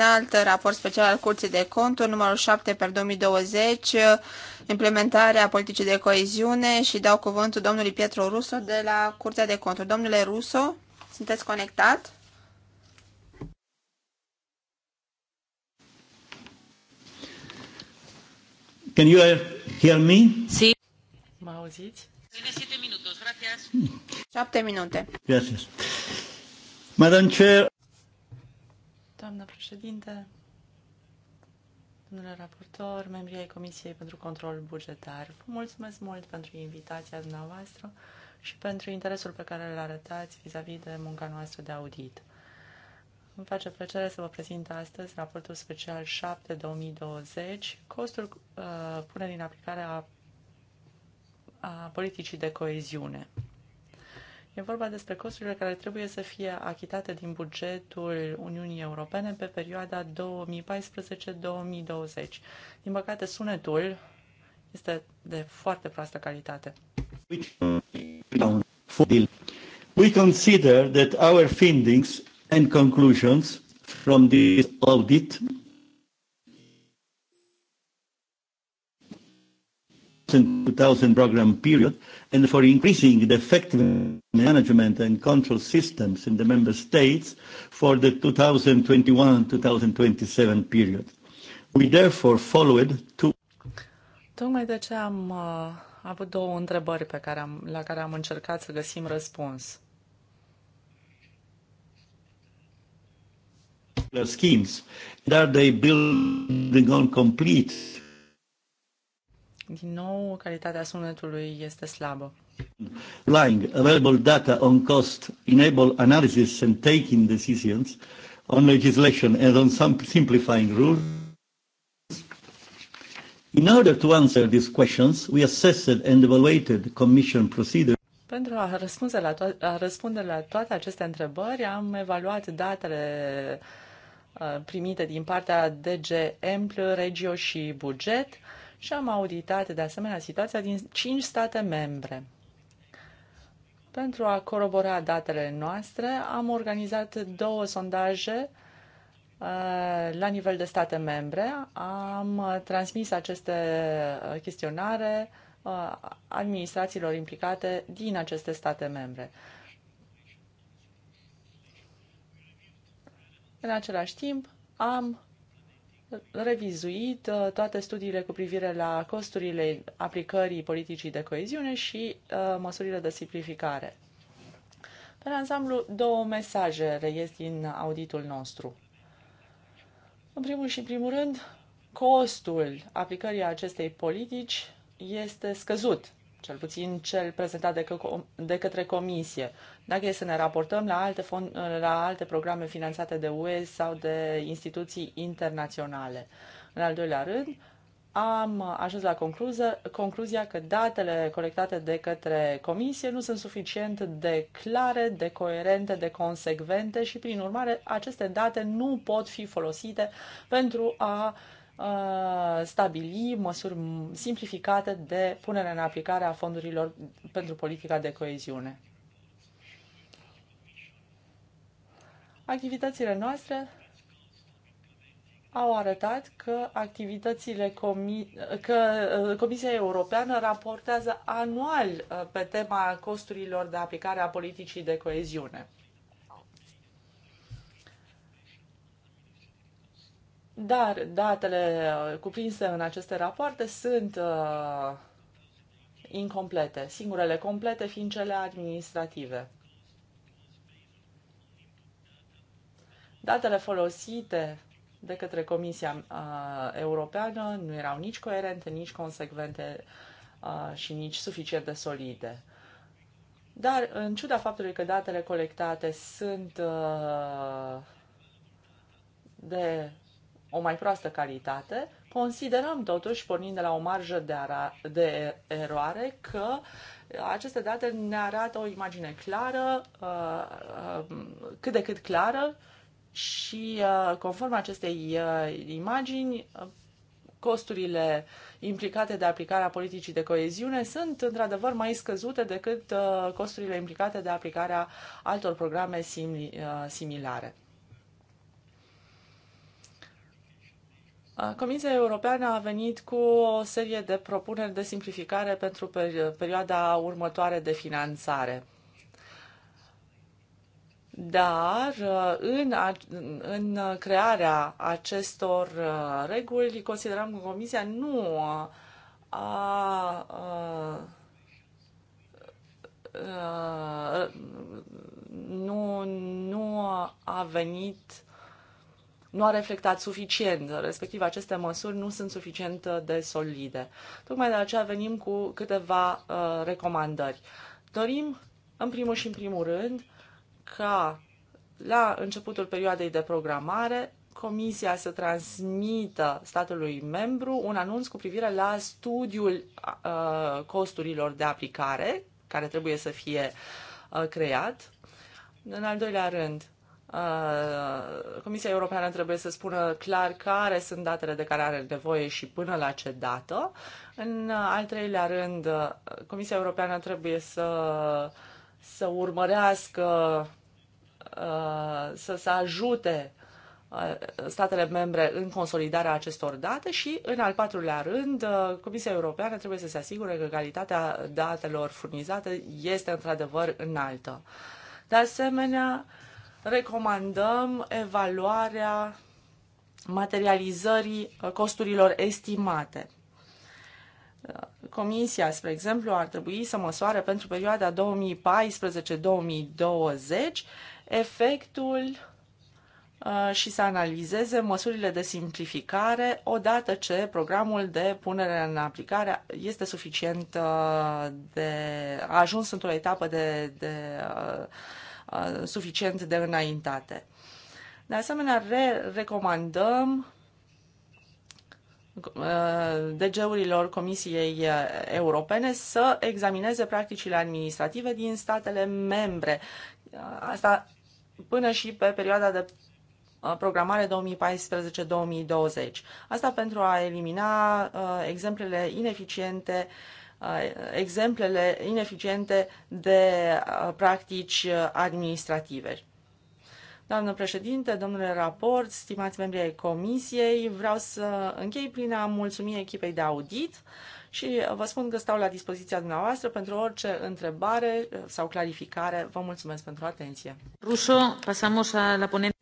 alt raport special al Curții de Conturi, numărul 7 per 2020, implementarea politicii de coeziune și dau cuvântul domnului Pietro Russo de la Curtea de Conturi. Domnule Russo, sunteți conectat? Can you hear me? Si. Mă auziți? Șapte minute. Gracias. Madam Chair, doamnă președinte, domnule raportor, membrii ai Comisiei pentru Control Bugetar. Vă mulțumesc mult pentru invitația dumneavoastră și pentru interesul pe care îl arătați vis-a-vis -vis de munca noastră de audit. Îmi face plăcere să vă prezint astăzi raportul special 7-2020, costul uh, punerii în aplicare a, a politicii de coeziune. E vorba despre costurile care trebuie să fie achitate din bugetul Uniunii Europene pe perioada 2014-2020. Din păcate, sunetul este de foarte proastă calitate. We consider that our findings and conclusions from this audit 2000 program period and for increasing the effective management and control systems in the member states for the 2021-2027 period. We therefore followed two Tocmai de ce am uh, avut două întrebări pe care am, la care am încercat să găsim răspuns. Schemes. Are they building on complete din nou, calitatea sunetului este slabă. Lying available data on cost enable analysis and taking decisions on legislation and on some simplifying rules. In order to answer these questions, we assessed and evaluated commission procedures pentru a răspunde, la to- a răspunde la toate aceste întrebări, am evaluat datele uh, primite din partea DG Empl, Regio și Buget și am auditat de asemenea situația din 5 state membre. Pentru a corobora datele noastre, am organizat două sondaje uh, la nivel de state membre. Am transmis aceste chestionare uh, administrațiilor implicate din aceste state membre. În același timp, am revizuit uh, toate studiile cu privire la costurile aplicării politicii de coeziune și uh, măsurile de simplificare. Pe ansamblu, două mesaje reies din auditul nostru. În primul și în primul rând, costul aplicării acestei politici este scăzut cel puțin cel prezentat de, că, de către Comisie. Dacă e să ne raportăm la alte, fond, la alte programe finanțate de UE sau de instituții internaționale. În al doilea rând, am ajuns la concluză, concluzia că datele colectate de către comisie nu sunt suficient de clare, de coerente, de consecvente și, prin urmare, aceste date nu pot fi folosite pentru a uh, Uh, stabili măsuri simplificate de punere în aplicare a fondurilor pentru politica de coeziune. Activitățile noastre au arătat că activitățile comi- că uh, Comisia Europeană raportează anual uh, pe tema costurilor de aplicare a politicii de coeziune. Dar datele uh, cuprinse în aceste rapoarte sunt uh, incomplete, singurele complete fiind cele administrative. Datele folosite de către Comisia uh, Europeană nu erau nici coerente, nici consecvente uh, și nici suficient de solide. Dar, în ciuda faptului că datele colectate sunt uh, de o mai proastă calitate, considerăm totuși, pornind de la o marjă de, de eroare, că aceste date ne arată o imagine clară, uh, uh, cât de cât clară și uh, conform acestei imagini, costurile implicate de aplicarea politicii de coeziune sunt într-adevăr mai scăzute decât costurile implicate de aplicarea altor programe similare. Comisia Europeană a venit cu o serie de propuneri de simplificare pentru perioada următoare de finanțare. Dar în, în crearea acestor reguli, considerăm că Comisia nu a, a, a nu, nu a venit nu a reflectat suficient, respectiv aceste măsuri nu sunt suficient de solide. Tocmai de aceea venim cu câteva uh, recomandări. Dorim, în primul și în primul rând, ca la începutul perioadei de programare, Comisia să transmită statului membru un anunț cu privire la studiul uh, costurilor de aplicare care trebuie să fie uh, creat. În al doilea rând, Uh, Comisia Europeană trebuie să spună clar care sunt datele de care are nevoie și până la ce dată. În al treilea rând, Comisia Europeană trebuie să, să urmărească, uh, să, să ajute uh, statele membre în consolidarea acestor date și, în al patrulea rând, Comisia Europeană trebuie să se asigure că calitatea datelor furnizate este într-adevăr înaltă. De asemenea, recomandăm evaluarea materializării uh, costurilor estimate. Uh, comisia, spre exemplu, ar trebui să măsoare pentru perioada 2014-2020 efectul uh, și să analizeze măsurile de simplificare odată ce programul de punere în aplicare este suficient de a ajuns într-o etapă de, de Uh, suficient de înaintate. De asemenea, re recomandăm uh, DG-urilor Comisiei uh, Europene să examineze practicile administrative din statele membre. Asta până și pe perioada de programare 2014-2020. Asta pentru a elimina exemplele ineficiente uh, Uh, exemplele ineficiente de uh, practici uh, administrative. Doamnă președinte, domnule raport, stimați membri ai comisiei, vreau să închei prin a mulțumi echipei de audit și vă spun că stau la dispoziția dumneavoastră pentru orice întrebare sau clarificare. Vă mulțumesc pentru atenție. Ruso, pasamos la ponente.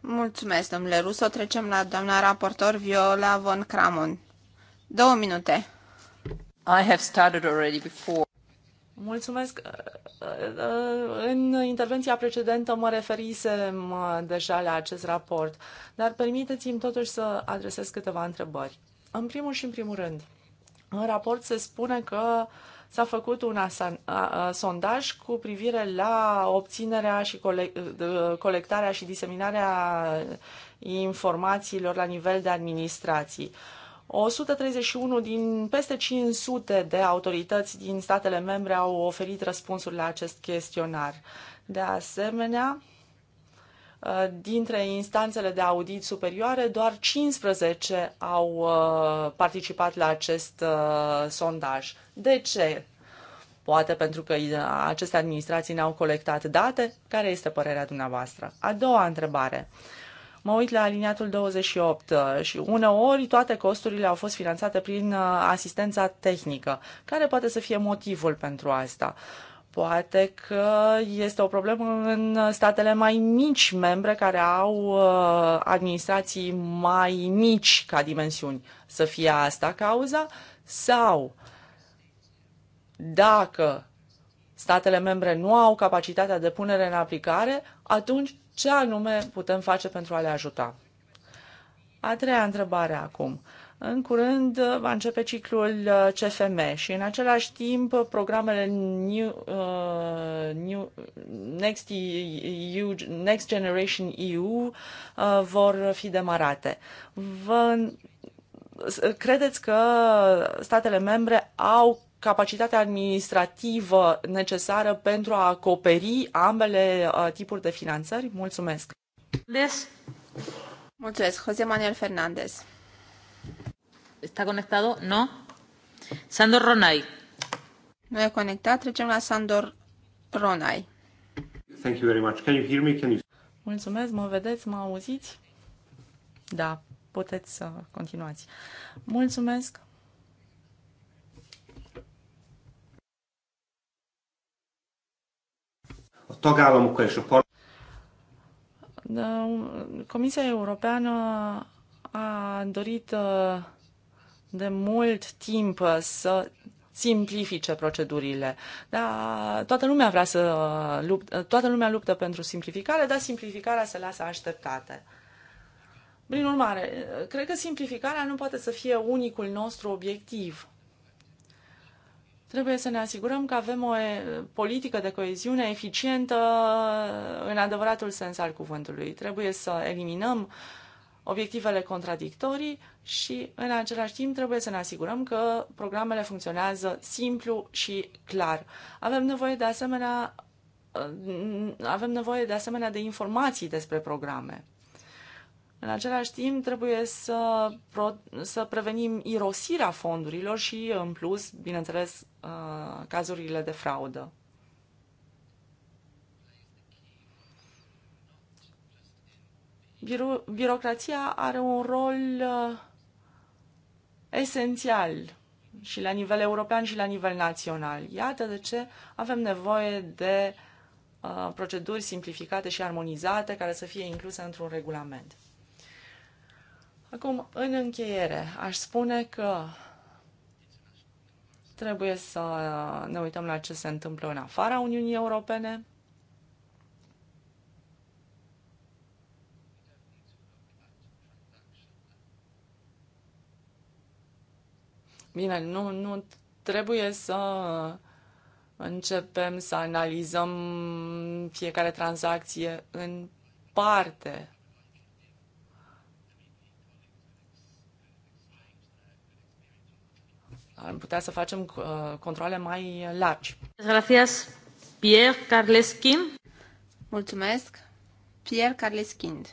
Mulțumesc, domnule Ruso. Trecem la doamna raportor Viola von Cramon. Două minute. I have started already before. Mulțumesc. Uh, uh, în intervenția precedentă mă referisem uh, deja la acest raport, dar permiteți-mi totuși să adresez câteva întrebări. În primul și în primul rând, în raport se spune că s-a făcut un asan, a, a, sondaj cu privire la obținerea și cole, colectarea și diseminarea informațiilor la nivel de administrații. Uh, 131 din peste 500 de autorități din statele membre au oferit răspunsuri la acest chestionar. De asemenea, uh, dintre instanțele de audit superioare, doar 15 au uh, participat la acest uh, sondaj. De ce? Poate pentru că aceste administrații n-au colectat date? Care este părerea dumneavoastră? A doua întrebare. Mă uit la aliniatul 28 uh, și uneori toate costurile au fost finanțate prin uh, asistența tehnică. Care poate să fie motivul pentru asta? Poate că este o problemă în statele mai mici membre care au uh, administrații mai mici ca dimensiuni. Să fie asta cauza? Sau dacă statele membre nu au capacitatea de punere în aplicare, atunci ce anume putem face pentru a le ajuta? A treia întrebare acum. În curând uh, va începe ciclul uh, CFM și în același timp uh, programele New, uh, New, Next, EU, Next Generation EU uh, vor fi demarate. Vă, credeți că statele membre au capacitatea administrativă necesară pentru a acoperi ambele uh, tipuri de finanțări? Mulțumesc! Des. Mulțumesc, José Manuel Fernández. Está conectado? No. Sandor Ronay. Nu e conectat, trecem la Sandor Ronay. Thank you very much. Can you hear me? Can you... Mulțumesc, mă vedeți, mă auziți? Da, puteți să continuați. Mulțumesc. tagállamokkal és a parlament. Um, Comisia Europeană a dorit uh, de mult timp uh, să simplifice procedurile. Da, toată lumea vrea să uh, luptă, toată lumea luptă pentru simplificare, dar simplificarea se lasă așteptate. Prin urmare, cred că simplificarea nu poate să fie unicul nostru obiectiv. Trebuie să ne asigurăm că avem o eh, politică de coeziune eficientă în adevăratul sens al cuvântului. Trebuie să eliminăm obiectivele contradictorii și, în același timp, trebuie să ne asigurăm că programele funcționează simplu și clar. Avem nevoie de asemenea eh, avem nevoie de asemenea de informații despre programe. În același timp, trebuie să, pro- să prevenim irosirea fondurilor și, în plus, bineînțeles, uh, cazurile de fraudă. Biro- birocrația are un rol uh, esențial și la nivel european și la nivel național. Iată de ce avem nevoie de uh, proceduri simplificate și armonizate care să fie incluse într-un regulament. Acum, în încheiere, aș spune că trebuie să ne uităm la ce se întâmplă în afara Uniunii Europene. Bine, nu, nu trebuie să începem să analizăm fiecare tranzacție în parte. am putea să facem uh, controle mai largi. Gracias, Pierre Carleskin. Mulțumesc, Pierre Carleskin.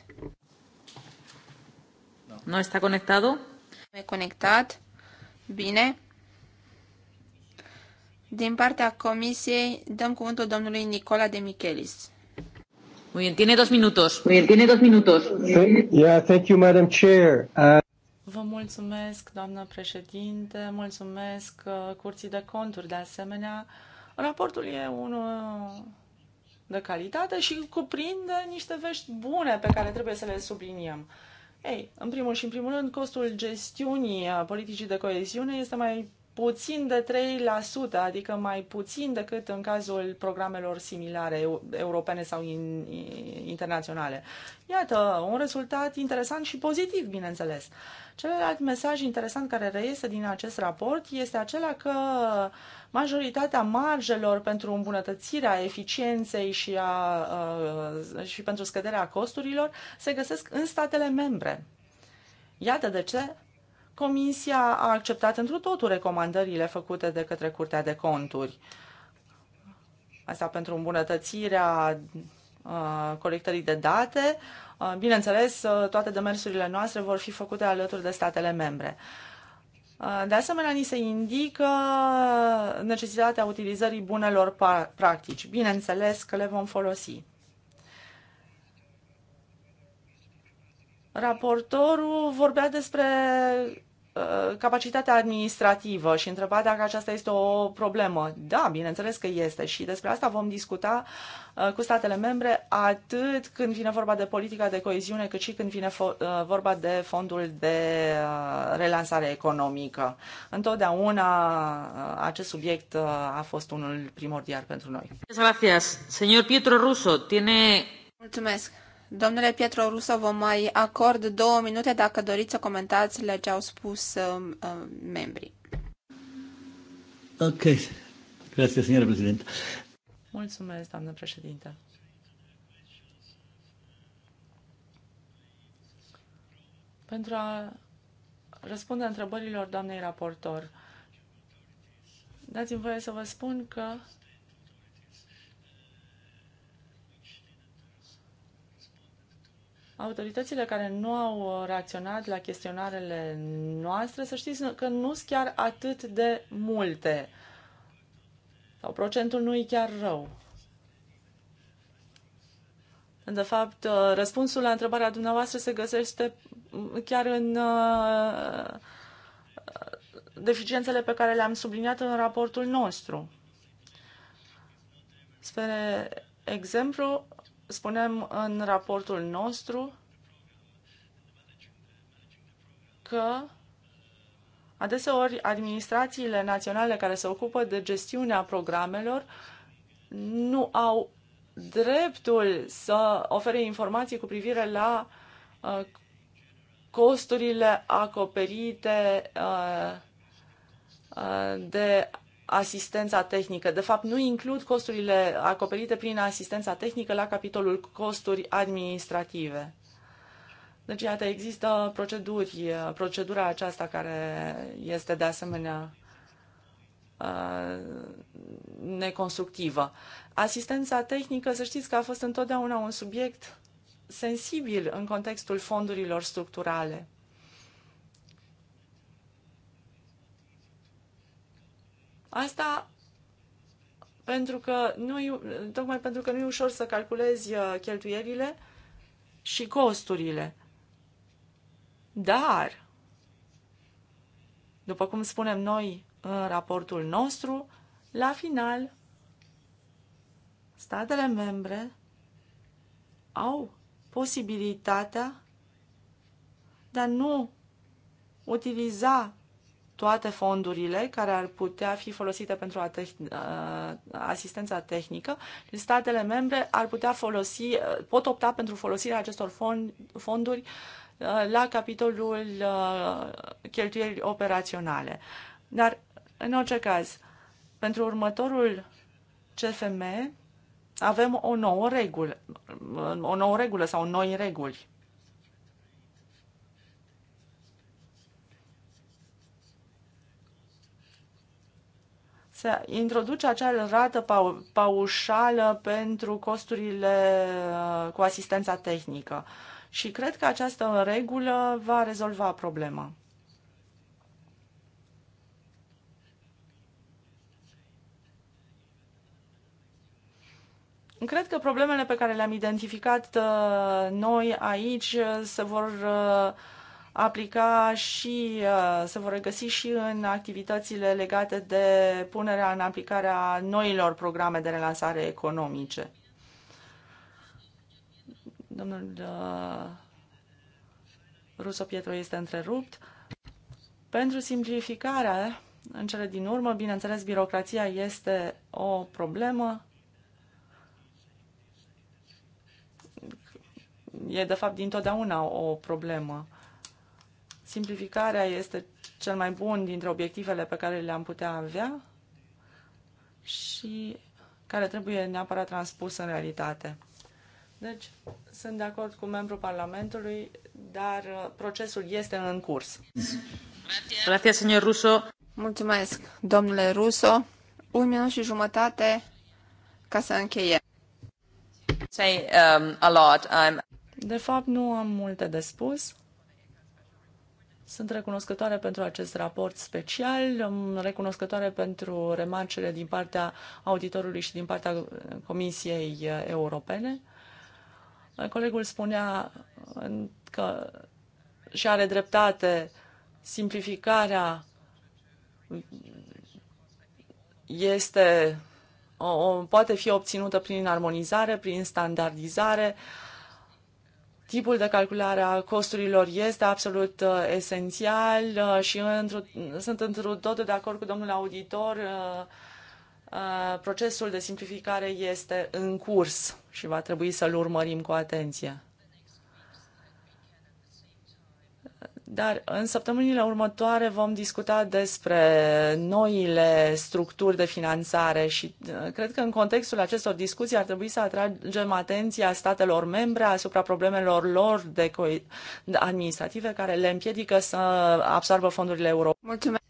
Nu este conectat? Nu e conectat. Bine. Din partea comisiei dăm cuvântul domnului Nicola de Michelis. Muy bien, tiene dos minutos. Muy bien, tiene dos minutos. Yeah, thank you, Madam Chair. Uh... Vă mulțumesc, doamnă președinte, mulțumesc uh, Curții de Conturi de asemenea. Raportul e unul de calitate și cuprinde niște vești bune pe care trebuie să le subliniem. Ei, în primul și în primul rând, costul gestiunii uh, politicii de coeziune este mai puțin de 3%, adică mai puțin decât în cazul programelor similare europene sau internaționale. Iată, un rezultat interesant și pozitiv, bineînțeles. Celălalt mesaj interesant care reiese din acest raport este acela că majoritatea marjelor pentru îmbunătățirea eficienței și, a, uh, și pentru scăderea costurilor se găsesc în statele membre. Iată de ce Comisia a acceptat întru totul recomandările făcute de către Curtea de Conturi. Asta pentru îmbunătățirea Uh, colectării de date. Uh, bineînțeles, uh, toate demersurile noastre vor fi făcute alături de statele membre. De asemenea, ni se indică necesitatea utilizării bunelor practici. Bineînțeles că le vom folosi. Raportorul vorbea despre Uh, capacitatea administrativă și întreba dacă aceasta este o problemă. Da, bineînțeles că este și despre asta vom discuta uh, cu statele membre atât când vine vorba de politica de coeziune, cât și când vine uh, vorba de fondul de relansare economică. Întotdeauna acest subiect a fost unul primordial pentru noi. Mulțumesc, Pietro Russo. Tiene... Mulțumesc. Domnule Pietro Russo, vă mai acord două minute dacă doriți să comentați la ce au spus uh, uh, membrii. Ok. Grazie, signora Presidente. Mulțumesc, doamnă președinte. Pentru a răspunde întrebărilor doamnei raportor, dați-mi voie să vă spun că Autoritățile care nu au reacționat la chestionarele noastre, să știți că nu sunt chiar atât de multe. Sau procentul nu e chiar rău. De fapt, răspunsul la întrebarea dumneavoastră se găsește chiar în uh, deficiențele pe care le-am subliniat în raportul nostru. Spre exemplu, spunem în raportul nostru că adeseori administrațiile naționale care se ocupă de gestiunea programelor nu au dreptul să ofere informații cu privire la uh, costurile acoperite uh, uh, de asistența tehnică. De fapt, nu includ costurile acoperite prin asistența tehnică la capitolul costuri administrative. Deci, iată, există proceduri, procedura aceasta care este de asemenea neconstructivă. Asistența tehnică, să știți că a fost întotdeauna un subiect sensibil în contextul fondurilor structurale. Asta pentru că nu e, tocmai pentru că nu e ușor să calculezi uh, cheltuielile și costurile. Dar, după cum spunem noi în raportul nostru, la final, statele membre au posibilitatea de a nu utiliza toate fondurile care ar putea fi folosite pentru asistența tehnică, statele membre ar putea folosi, pot opta pentru folosirea acestor fonduri la capitolul cheltuieli operaționale. Dar, în orice caz, pentru următorul CFM avem o nouă regulă, o nouă regulă sau noi reguli. se introduce acea rată pau- paușală pentru costurile uh, cu asistența tehnică. Și cred că această regulă va rezolva problema. Cred că problemele pe care le-am identificat uh, noi aici uh, se vor uh, aplica și uh, se vor regăsi și în activitățile legate de punerea în aplicare a noilor programe de relansare economice. Domnul uh, Ruso Pietro este întrerupt. Pentru simplificare, în cele din urmă, bineînțeles, birocrația este o problemă. E, de fapt, dintotdeauna o problemă. Simplificarea este cel mai bun dintre obiectivele pe care le-am putea avea și care trebuie neapărat transpus în realitate. Deci, sunt de acord cu membrul Parlamentului, dar uh, procesul este în curs. Grazie, señor Russo. Mulțumesc, domnule Russo. Un minut și jumătate ca să încheiem. Say, um, a lot. I'm... De fapt, nu am multe de spus. Sunt recunoscătoare pentru acest raport special, um, recunoscătoare pentru remarcele din partea auditorului și din partea uh, Comisiei uh, Europene. Uh, colegul spunea că și are dreptate simplificarea mm, este o, poate fi obținută prin armonizare, prin standardizare, uh, tipul de calculare a costurilor este absolut uh, esențial uh, și într sunt într tot de acord cu domnul auditor. Uh, procesul de simplificare este în curs și va trebui să-l urmărim cu atenție. Dar în săptămânile următoare vom discuta despre noile structuri de finanțare și uh, cred că în contextul acestor discuții ar trebui să atragem atenția statelor membre asupra problemelor lor de administrative care le împiedică să absorbă fondurile europene. Mulțumesc!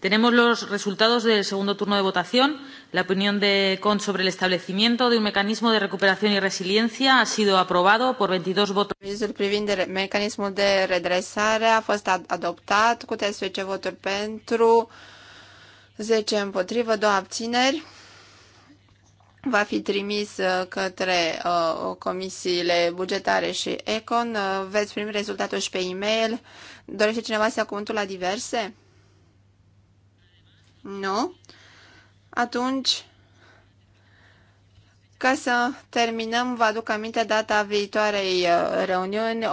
Tenemos los resultados del segundo turno de votación. La opinión de CON sobre el establecimiento de un mecanismo de recuperación y resiliencia ha sido aprobado por 22 votos. Avizul privind mecanismul de redresare a fost adoptat cu 13 voturi pentru, 10 împotrivă, 2 abțineri. Va fi trimis uh, către uh, comisiile bugetare și ECON. Uh, veți primi rezultatul și pe e-mail. Dorește cineva să ia cuvântul la diverse? Nu? Atunci, ca să terminăm, vă aduc aminte data viitoarei uh, reuniuni,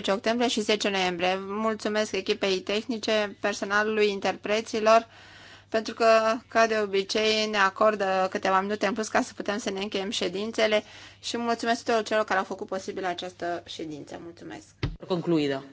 18-19 octombrie și 10 noiembrie. Mulțumesc echipei tehnice, personalului, interpreților, pentru că, ca de obicei, ne acordă câteva minute în plus ca să putem să ne încheiem ședințele și mulțumesc tuturor celor care au făcut posibil această ședință. Mulțumesc! Concluidă!